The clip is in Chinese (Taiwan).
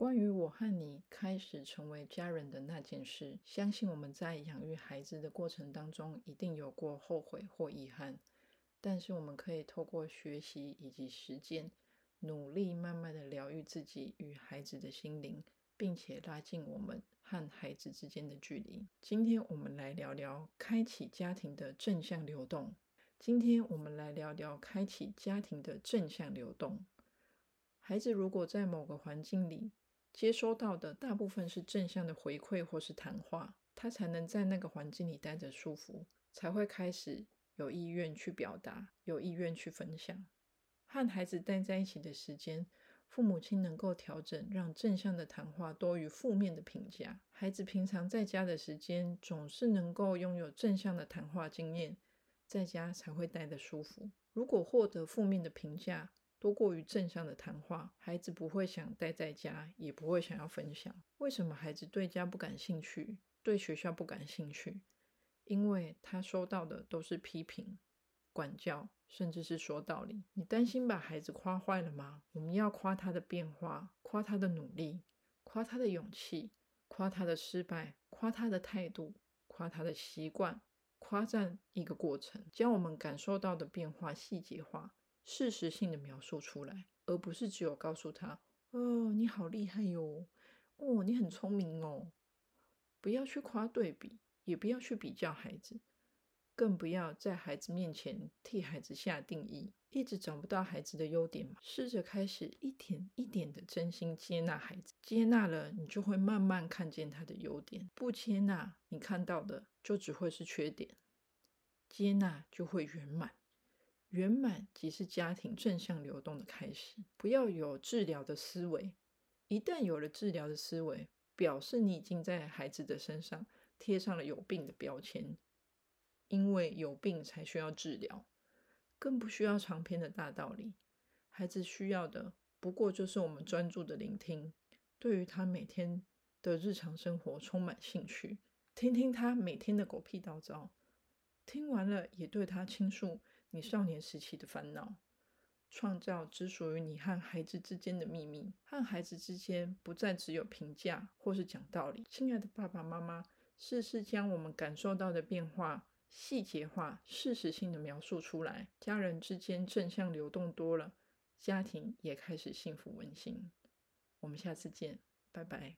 關於我和你開始成為家人的那件事，相信我們在養育孩子的過程當中，一定有過後悔或遺憾。但是，我們可以透過學習以及實踐，努力慢慢地療癒自己與孩子的心靈，並且拉近我們和孩子之間的距離。今天我們來聊聊開啟家庭的正向流動。今天我們來聊聊開啟家庭的正向流動。孩子如果在某個環境裡，接收到的大部分是正向的回饋或是談話，他才能在那個環境裡待着舒服，才會開始有意願去表達，有意願去分享。和孩子待在一起的時間，父母親能夠調整，讓正向的談話多於負面的評價。孩子平常在家的時間，總是能夠擁有正向的談話經驗，在家才會待得舒服。如果獲得負面的評價，多過於正向的談話，孩子不會想待在家，也不會想要分享。為什麼孩子對家不感興趣，對學校不感興趣？因為他收到的都是批評、管教，甚至是說道理。你擔心把孩子誇壞了嗎？我們要誇他的變化，誇他的努力，誇他的勇氣，誇他的失敗，誇他的態度，誇他的習慣，誇讚一個過程，將我們感受到的變化細節化。事實性的描述出來，而不是只有告訴他：“哦，你好厲害喲，哦，哦，你很聰明哦。”不要去誇對比，也不要去比較孩子，更不要在孩子面前替孩子下定義。一直找不到孩子的優點嘛，試着開始一點一點的真心接納孩子。接納了，你就會慢慢看見他的優點；不接納，你看到的就只會是缺點。接納就會圓滿。圓滿即是家庭正向流動的開始。不要有治療的思維，一旦有了治療的思維，表示你已經在孩子的身上貼上了有病的標籤。因為有病才需要治療，更不需要長篇的大道理。孩子需要的不過就是我們專注的聆聽，對於他每天的日常生活充滿興趣，聽聽他每天的狗屁叨叨，聽完了也對他傾訴，你少年時期的煩惱，創造只屬於你和孩子之間的秘密，和孩子之間不再只有評價或是講道理。親愛的爸爸媽媽，試試將我們感受到的變化細節化、事實性的描述出來。家人之間正向流動多了，家庭也開始幸福溫馨。我們下次見，拜拜。